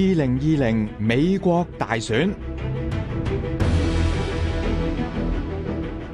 二零二零美國大選，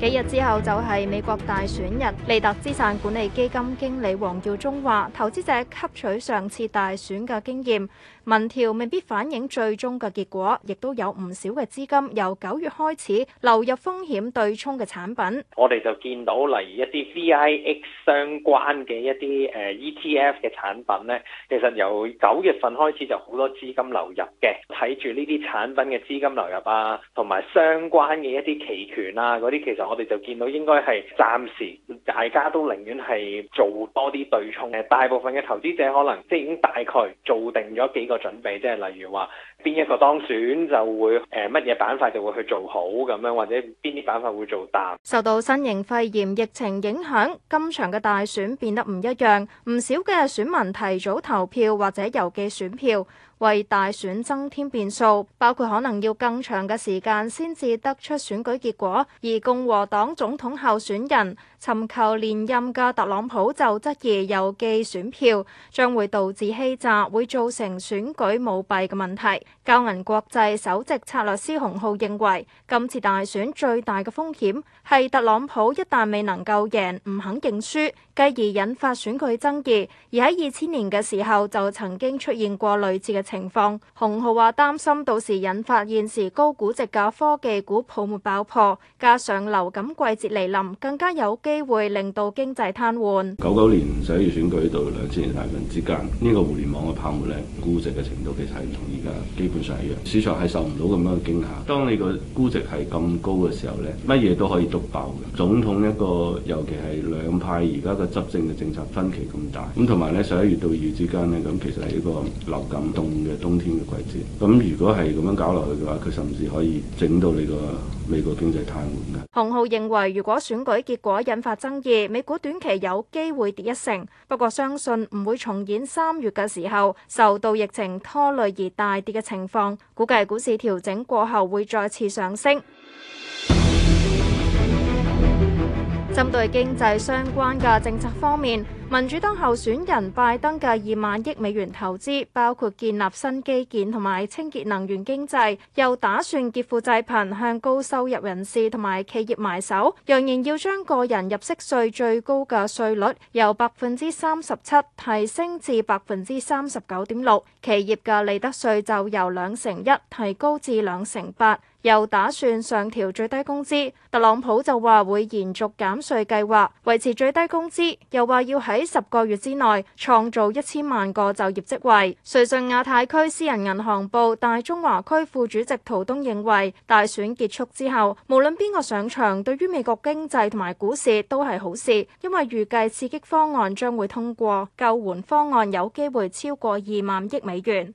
幾日之後就係美國大選日。利特資產管理基金經理黃耀忠話，投資者吸取上次大選嘅經驗。民調未必反映最終嘅結果，亦都有唔少嘅資金由九月開始流入風險對沖嘅產品。我哋就見到例如一啲 VIX 相關嘅一啲 ETF 嘅產品咧，其實由九月份開始就好多資金流入嘅。睇住呢啲產品嘅資金流入啊，同埋相關嘅一啲期權啊嗰啲，其實我哋就見到應該係暫時。大家都寧願係做多啲對沖，誒大部分嘅投資者可能即係已經大概做定咗幾個準備，即係例如話邊一個當選就會誒乜嘢板塊就會去做好咁樣，或者邊啲板塊會做淡。受到新型肺炎疫情影響，今場嘅大選變得唔一樣，唔少嘅選民提早投票或者郵寄選票。為大選增添變數，包括可能要更長嘅時間先至得出選舉結果，而共和黨總統候選人尋求連任嘅特朗普就質疑郵寄選票將會導致欺詐，會造成選舉舞弊嘅問題。交銀國際首席策略師洪浩認為，今次大選最大嘅風險係特朗普一旦未能夠贏，唔肯認輸。繼而引發選舉爭議，而喺二千年嘅時候就曾經出現過類似嘅情況。洪浩話擔心到時引發現時高估值嘅科技股泡沫爆破，加上流感季節嚟臨，更加有機會令到經濟癱瘓。九九年十一月選舉到兩千年大選之間，呢個互聯網嘅泡沫呢，估值嘅程度其實係同而家基本上一樣，市場係受唔到咁樣嘅驚嚇。當你個估值係咁高嘅時候呢，乜嘢都可以督爆嘅。總統一個，尤其係兩派而家嘅。執政嘅政策分歧咁大，咁同埋咧十一月到二月之間咧，咁其實係一個流感凍嘅冬天嘅季節。咁如果係咁樣搞落去嘅話，佢甚至可以整到你個美國經濟癱瘓㗎。洪浩認為，如果選舉結果引發爭議，美股短期有機會跌一成，不過相信唔會重演三月嘅時候受到疫情拖累而大跌嘅情況。估計股市調整過後會再次上升。針對經濟相關嘅政策方面，民主黨候選人拜登嘅二萬億美元投資，包括建立新基建同埋清潔能源經濟，又打算劫富濟貧，向高收入人士同埋企業埋手，揚言要將個人入息稅最高嘅稅率由百分之三十七提升至百分之三十九點六，企業嘅利得稅就由兩成一提高至兩成八。又打算上調最低工資，特朗普就話會延續減稅計劃，維持最低工資，又話要喺十個月之內創造一千萬個就業職位。瑞信亞太區私人銀行部大中華區副主席陶東認為，大選結束之後，無論邊個上場，對於美國經濟同埋股市都係好事，因為預計刺激方案將會通過，救援方案有機會超過二萬億美元。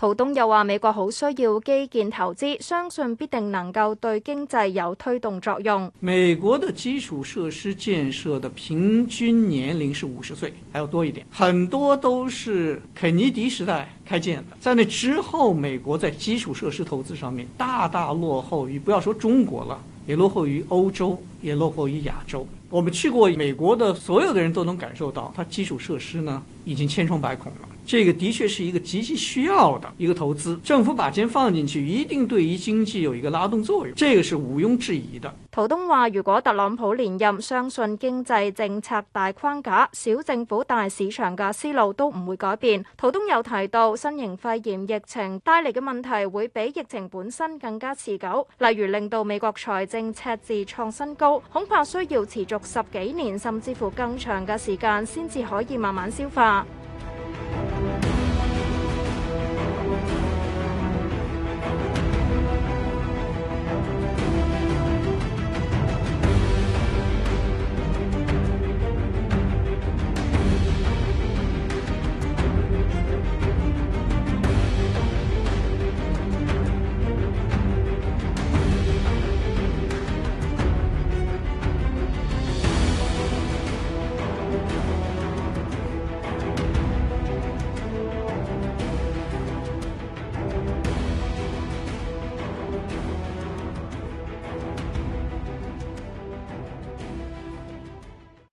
陶東又話：美國好需要基建投資，相信必定能夠對經濟有推動作用。美國的基礎設施建設的平均年齡是五十歲，還要多一點，很多都是肯尼迪時代開建的，在那之後，美國在基礎設施投資上面大大落後於，不要說中國了，也落後於歐洲，也落後於亞洲。我們去過美國的所有的人都能感受到，它基礎設施呢已經千瘡百孔了。這個的確是一個極其需要的一個投資，政府把錢放進去，一定對於經濟有一個拉動作用，這個是毋庸置疑的。陶冬話：如果特朗普連任，相信經濟政策大框架、小政府大市場嘅思路都唔會改變。陶冬又提到，新型肺炎疫情帶嚟嘅問題會比疫情本身更加持久，例如令到美國財政赤字創新高，恐怕需要持續十幾年甚至乎更長嘅時間先至可以慢慢消化。